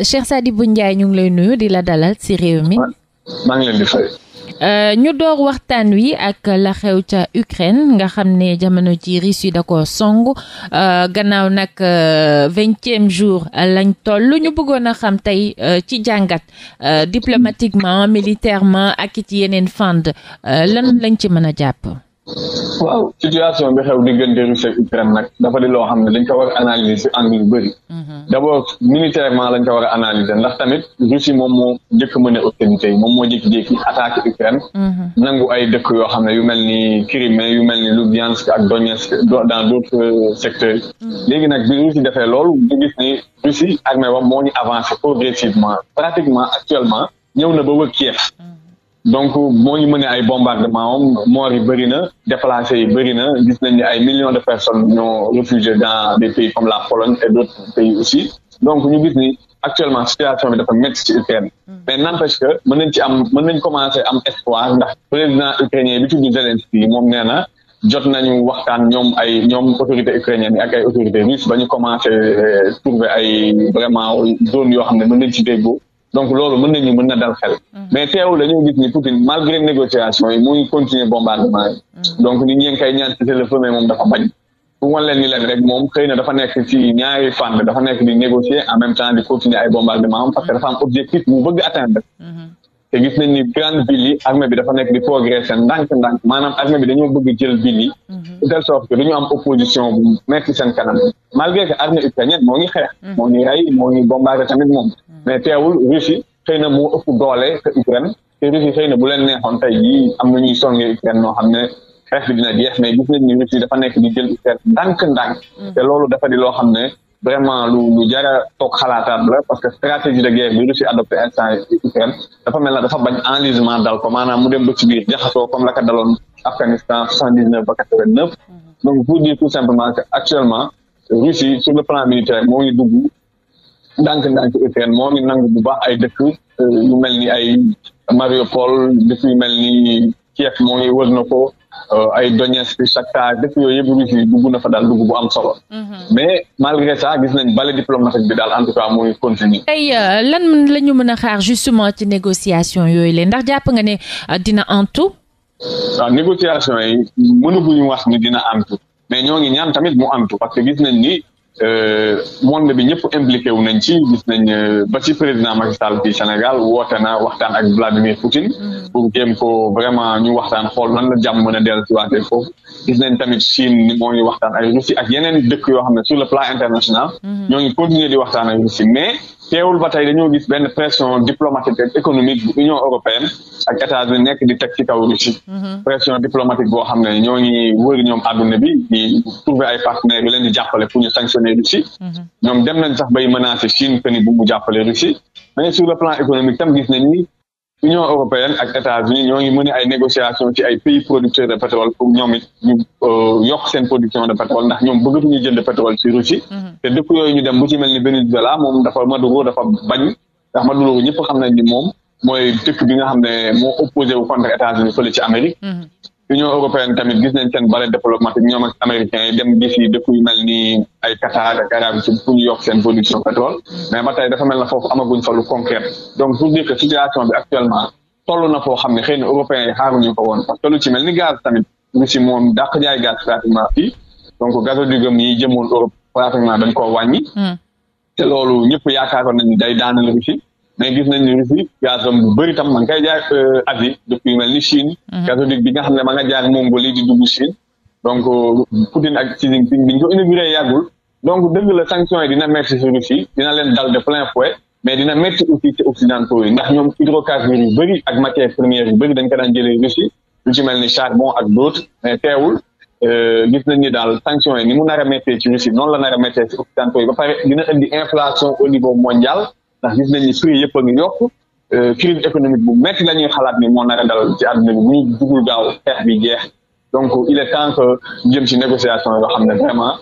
Cheikh bu Ndiaye ñu ngi lay nuyu di la dalal ci réew mi. Euh, ñu door waxtaan wi ak la xew ca Ukraine nga xam ne jamono ci ji Russie da ko song euh, gannaaw nag euh, vingtième jours lañ toll ñu bëggoon a xam tey ci jàngat diplomatiquement militairement ak it yeneen fànn lan lañ ci mën a jàpp. waaw situation bi xew diggante Russie ak Ukraine nag dafa di loo xam ne dañ ko war a analyser ci angle yu bëri mhm. d' abord lañ ko war a analyser ndax tamit Russie moom moo jëkk mën a autorité yi moom moo jékki-jékki attaqué Ukraine mhm. nangu ay dëkk yoo xam ne yu mel ni Crimée yu mel ni lu Lougansk ak Donetsk dans d' autres secteurs mhm. léegi nag bi Russie defee lool ñu gis ni Russie armée wax moo ñu avancé progressivement pratiquement actuellement ñëw na ba wër Kiev donc moo ngi mënee ay bombardement om moor yi bëri na déplacés yi bëri na gis nañ ne ay million de personnes ñoo réfugiés dans des pays comme la Pologne et d'autres pays aussi donc ñu gis ni actuellement situation bi dafa métti ci Ukraine mm. mais n'empêche que mën nañ ci am mën nañ commencé am espoir ndax président ukrainien bi tudd Zelensky moom nee na jot nañu waxtaan ñoom ay ñoom autorité ukrainienne ak ay autorité russe ba ñu commencé euh, trouver ay vraiment zone yoo xam ne mën nañ ci déggoo donc loolu mën nañu mën na dal xel mhm. mais teewul dañoo gis ni Poutine malgré négociation yi mu ngi continuer bombardement yi mhm. donc nit ñi ngi koy ñaan cesser le feu mais moom dafa bañ bu wan ni leen rek moom xëy na dafa nekk ci ñaari fànn dafa nekk di négocier en même temps di continuer ay bombardement am parce que dafa am objectif mu bëgg atteindre mhm. te gis nañ ni grande ville yi bi dafa nekk di seen ndànk-ndànk maanaam armée bi dañoo bëgg jël ville yi mhm. de telle sorte que dañu am opposition bu metti seen kanam malgré que armée ukrainienne moo ngi xeex mhm. moo ngi rey moo ngi bombardé tamit moom mhm. mais teewul Russie xëy na moo ëpp doole que Ukraine te Russie xëy na bu leen neexoon tey jii am na ñuy songe Ukraine noo xam ne xeex bi dina jeex mais gis nañ ni Russie dafa nekk di jël Ukraine ndànk-ndànk te loolu da loo xam ne vraiment lu lu jar a toog xalaataat la parce que stratégie de guerre bi Russie adopté instant Ukraine dafa mel na dafa bañ enlisement dal ko maanaam mu dem ba ci biir jaxasoo comme la ko daloon Afghanistan soixante dix neuf ba quatre vingt neuf mhm. donc pour dire tout simplement que actuellement Russie sur le plan militaire moo ngi dugg ndànk-ndànk Ukraine moo ngi bu baax ay dëkk euh, yu mel ni ay Mariupol dëkk yu mel ni Kiev mooy ngi wër na ko Euh, ay doñees bi Shakhtar def yooyu yëpp Russie yi dugg na fa daal dugg bu am solo. Mhm. mais malgré ça gis nañ bale diplomatique bi daal en tout cas muy continue tey euh, lan la ñu mën a xaar justement ci négociation yooyu leen ndax jàpp nga ne euh, dina antu. waaw ah, négociation yi mënaguñu wax ni dina antu mais ñoo ngi ñaan tamit mu antu parce que gis nañ ni. Euh, monde bi ñëpp impliqué wu nañ ci gis nañ euh, ba ci président Macky Sall fii Sénégal woote na waxtaan ak Vladimir Poutine mm. pour jéem ko vraiment ñu waxtaan xool nan na jàmm mën a dellu si waatee foofu gis nañ tamit Chine ni moo ngi waxtaan ak Russie ak yeneen dëkk yoo xam ne sur le plan international mm-hmm. ñoo ngi continuer di waxtaan ak si mais teewul ba tey dañoo gis benn pression diplomatique ak économique bu Union européenne ak état bi nekk di teg ci kaw Russie mhm. pression diplomatique boo xam ne ñoo ngi wër ñoom àdduna bi di trouver ay partenaires yu leen di jàppale pour ñu sanctionner Russie mhm. ñoom dem nañ sur le plan économique tam gis nañ Union européenne ak États-Unis ñoo ngi mené ay négociations ci ay pays producteurs de pétrole pour ñoom ñu euh, yokk seen production de pétrole ndax ñoom bëggatuñu jënd pétrole ci Russie mhm. te dëkk yooyu ñu dem bu ci ni Venezuela moom dafa Maduro dafa bañ ndax Maduro mooy dëkk bi nga xam ne moo opposé wu contre États-Unis fële ci Amérique mhm. Union européenne tamit gis nañ seen bale diplomatique ñoom ak américains dem gis yi dëkk mel ni ay Qatar ak Arabie Saoudite pour ñu yokk seen production pétrole mais ba tey dafa mel na foofu amaguñ fa concret donc pour dire situation bi actuellement toll na foo xam ne xëy na européens yi xaaruñu ko woon parce que lu ci mel ni tamit Russie moom dàq jaay gaz pratiquement yi jëmoon Europe pratiquement dañ koo mais gis nañ ni Russie gazam bu bëri tam ma ngi koy jaay euh, depuis mel ni Chine. Mhm. gazoduc bi nga xam ne ma nga jaar Mongolie di dugg Chine. donc euh, Poutine ak Xi Jinping bi ñu ko inauguré yàggul donc dëgg la sanction yi dina metti si Russie dina leen dal de plein fouet mais dina metti aussi ci occidentaux yi ndax ñoom hydrocarbures yu bëri ak matières premières yu bëri dañ ko daan jëlee Russie lu ci mel ni charbon ak d'autres mais teewul euh, gis nañ ni daal sanctions yi ni mu nar a méttee ci mondial ndax gis nañ ni prix yëpp a ngi yokk euh, crise économique bu métti la xalaat ni moo nar a dal ci àdduna bi bu ñu dugul gaaw xeex bi jeex donc il est temps que jëm ci négociation yoo xam ne vraiment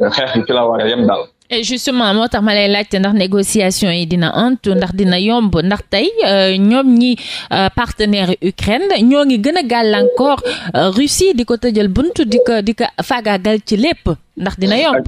euh, xeex bi ci la a yem daal. et justement moo tax ma lay laajte ndax négociation yi dina antu ndax dina yomb ndax tey euh, ñoom ñi partenaire Ukraine ñoo ngi gën a gàllankoor Russie di ko tëjal bunt di ko di ko faagaagal ci lépp ndax dina yomb.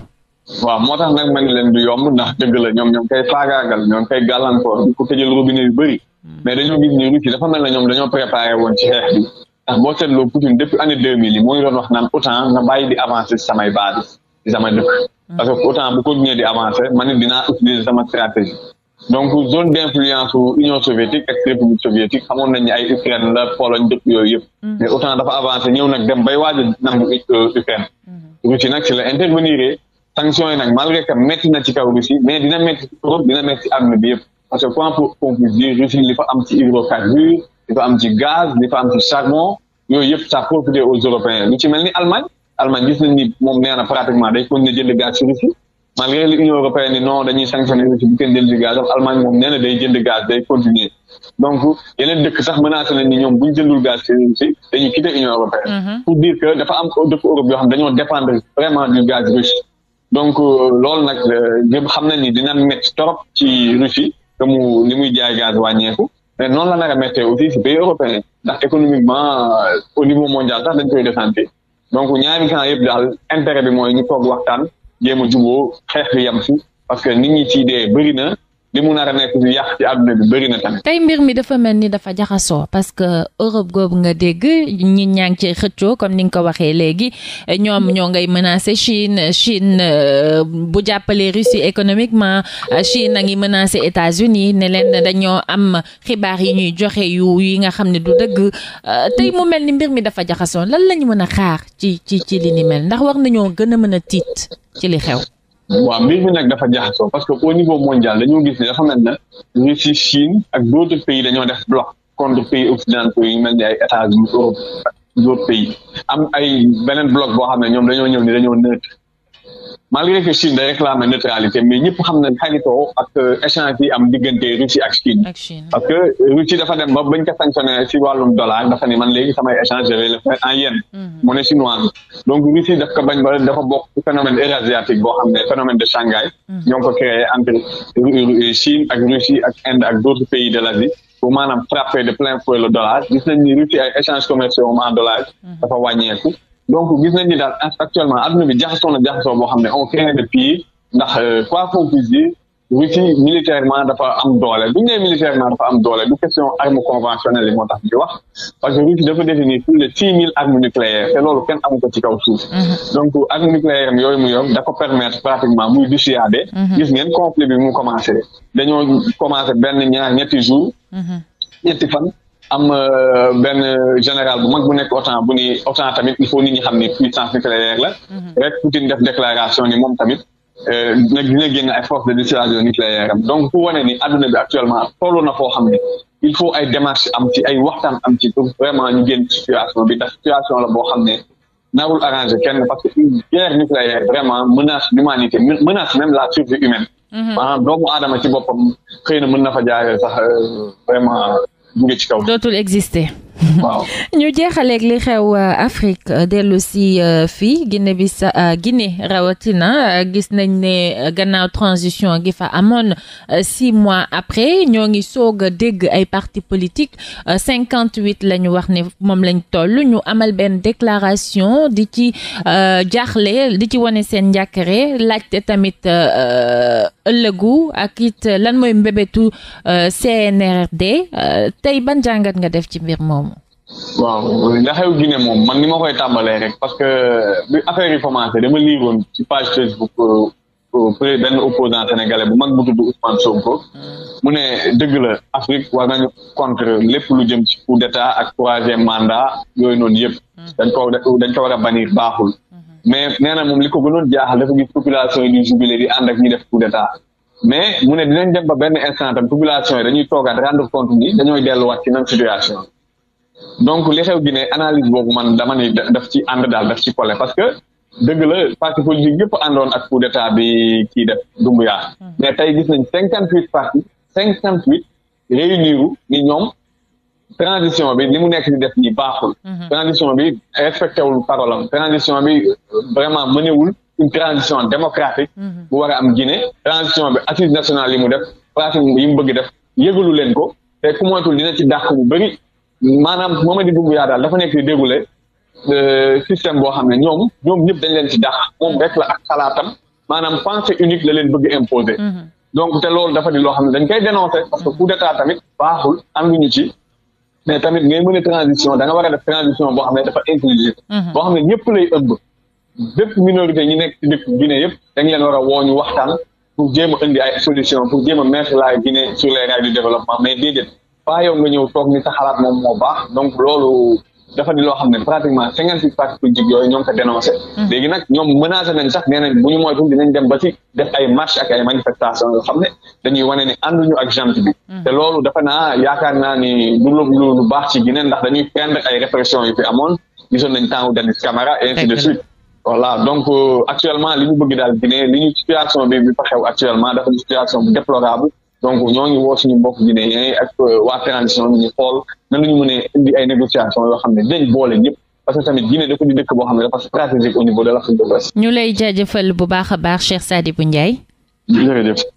waaw moo tax nag man leen du yomb ndax dëgg la ñoom ñoom koy faagaagal ñoom koy gàllankoor di ko tëjal robinet yu bëri hmm. mais dañoo gis ni Russie dafa mel ne ñoom dañoo préparé woon ci xeex bi ndax boo seetloo Poutine depuis année deux mille yi moo ngi doon wax naan OTAN na bàyyi di avancer samay base si sama dëkk hmm. parce que OTAN bu continuer di avancer man it dinaa utiliser sama stratégie donc zone d'influence u Union soviétique ak soviétique xamoon nañ hmm. dem bay waaj a euh, sanctions yi nag malgré que métti na ci kaw Russie mais dina métti ci Europe dina bi yëpp parce que point pour qu'on Russie li fa am ci hydrocarbures li fa am ci gaz li fa am ci charbon yooyu yëpp ça profité aux Européens lu ci mel ni Allemagne Allemagne gis ni moom nee pratiquement day continuer gaz ci Russie malgré l'Union européenne ni dañuy sanctionné Russie bu kenn jënd gaz ak Allemagne moom nee day jënd gaz day continuer donc yeneen dëkk donc euh, loolu nag euh, ñëpp xam nañ ni dina métti trop ci Russie que mu li muy jaay gaz wàññeeku mais noonu la nag a méttee aussi si pays européen ndax économiquement euh, au niveau mondial sax dañ koy desante donc ñaari camp yëpp daal intérêt bi mooy ñu toog waxtaan jéem a juboo xeex bi yam si parce que nit ñi ci dee bëri na li mu nar a nekk yàq ci àdduna bi bëri na tamit. tey mbir mi dafa mel ni dafa jaxasoo parce que Europe googu nga dégg ñi ñaa ngi ci xëccoo comme ni nga ko waxee léegi ñoom ñoo ngay menacer Chine Chine euh, bu jàppalee Russie économiquement Chine a ngi menacer États-Unis ne leen dañoo am xibaar yi ñuy joxe yu yi nga xam ne du dëgg euh, tey mu mel ni mbir mi dafa jaxasoo lan la ñu mën a xaar ci ci ci li ni mel ndax war nañoo gën a mën a tiit ci li xew. waaw mbir mi nag dafa jaxasoo parce que au niveau mondial dañoo gis ne dafa mel ne Russie Chine a d' autres pays dañoo def bloc contre pays occidentaux yi mel ni ay États-Unis Europe ak d' pays am ay beneen bloc boo xam ne ñoom dañoo ñëw ni daño neutre malgré que Chine day réclame neutralité mais ñëpp xam na xaritoo ak euh, échange am diggante Russie ak Chine. parce que Russie dafa dem ba bañ ko sanctionné ci wàllum dollar dafa ne man léegi samay échange je vais en yen. Mhm. monnaie chinoise donc Russie ba dafa bokk phénomène eurasiatique boo xam ne phénomène de Shanghai. Mhm. ñoo ko créé entre Chine ak Russie ak Inde ak d'autres pays de l'Asie pour maanaam frapper de plein fouet le dollar gis nañ ni Russie ay échanges commerciaux en dollars mhm. donc gis nañ ni daal actuellement adduna bi jaxasoo na jaxasoo boo xam ne on craint de pire ndax euh, quoi qu'on puisse dire Russie militairement dafa am doole bu ñu nee question armes conventionnelles te loolu kenn amu ci kaw suuf mm-hmm. donc armes nucléaires yooyu mu yor da ko permettre pratiquement muy dissuader mm-hmm. gis ngeen conflit bi mu commencé dañoo commencé benn ñaar ñetti jour mm-hmm. ñetti fan am euh, benn général bu mag bu nekk OTAN bu ni OTAN tamit il faut nit ñi xam ni puissance nucléaire la. Mhm. rek Poutine def déclaration ni moom tamit euh, nag dina génn ay forces de dissuasion nucléaire am donc pour wane ni adduna bi actuellement tolloo na foo xam ni il faut ay démarches ci ay waxtaan am ci pour vraiment ñu génn situation bi ndax situation la boo xam ne narul arrangé kenn parce que une guerre nucléaire vraiment menace l'humanité la survie humaine. Mhm. maanaam doomu ci boppam xëy na mën na fa jaaree sax euh, vraiment. jóge ci kaw. dootul exister. waaw ñu jeexaleeg li xew euh, Afrique euh, dellu si euh, fii gine bi sa Guinée rawatina gis nañ ne gannaaw transition gi fa amoon six mois après ñoo ngi soog a dégg ay parti politique cinquante huit la ñu wax ne moom lañ toll ñu amal benn déclaration di ci jaaxle di ci wane seen njàkkare laajte tamit. ëllëgu ak it euh, lan mooy mbébétu euh, CNRD euh, tey ban jàngat nga def ci mbir moomu. waaw la xew Guinée moom man ni ma koy tàmbalee rek parce que bi affaire yi commencé dama liiroon ci page Facebook benn opposant sénégalais bu mag bu tudd Ousmane Sonko hmm. mu ne dëgg la Afrique war nañu contre lépp lu jëm ci coup d'état ak troisième mandat yooyu noonu yëpp hmm. dañ ko dañ ko a bannir baaxul mais nee na moom li ko gënoon jaaxal dafa gis population yi di jubilé di ànd ak ñu def coup d'état mais mu ne dinañ dem ba benn instant tam population yi dañuy toogaat rendre compte situation donc li xew Guinée analyse boobu man dama daf ci ànd daal daf ci collé que dëgg la parti politique yëpp àndoon ak coup d'état bi kii def Doumbouya hmm. mais tey gis nañ cinquante huit parti cinquante huit réunir ni ñoom transition bi ni mu nekk di def nii baaxul. Mhm. transition bi respecté wul transition bi euh, vraiment mënewul une transition démocratique. Mhm. bu war a am Guinée. transition bi assise nationale yi mu def pratique yi mu bëgg def yëgalu leen ko te ku moytul dina ci dàq bu bëri maanaam Mamadi Doumbouya daal dafa nekk di déroulé euh, système boo xam ne ñoom ñoom ñëpp dañ leen ci dàq moom rek la ak xalaatam maanaam pensée unique la leen bëgg imposer. Mhm. donc te loolu dafa di loo xam ne dañ koy dénoncer parce que coup mais tamit ngay mën a transition da nga war a def transition boo xam ne dafa inclusive mhm. boo xam ne ñëpp lay ëmb bépp minorité ñi nekk ci dëkk Guinée yëpp dañ leen war a ñu waxtaan pour jéem a indi ay solution pour jéem a mettre la Guinée sur les rails du développement mais déedéet pas yow nga ñëw toog ni sa xalaat moom moo baax donc loolu dafa di loo xam ne pratiquement cinquante six partis politiques yooyu ñoo ngi ko dénoncé mm-hmm. léegi ñoom menacé nañ sax nee nañ moytu dinañ dem ba ci def ay marche ay manifestation yoo xam ne dañuy wane ni ànduñu ak gent bi mm-hmm. te loolu dafa naa yaakaar naa ni du lu lu baax ci Guinée ndax dañuy peindre ay répression yu fi amoon gisoon nañ temps Denis Camara et ainsi de suite voilà donc euh, actuellement li ñu bëgg daal Guinée li ñu situation bi bi fa xew actuellement dafa donc ñoo ngi woo suñu mbokk guinéen ak euh, waa transition bi ñu xool nan la ñu mën a indi ay négociation yoo xam ne dañ boole ñëpp parce que tamit Guinée dafa di dëkk boo xam ne dafa stratégique au niveau de l'Afrique de l'Ouest. ñu lay jaajëfal bu baax a baax Cheikh Sadibou Ndiaye. jërëjëf.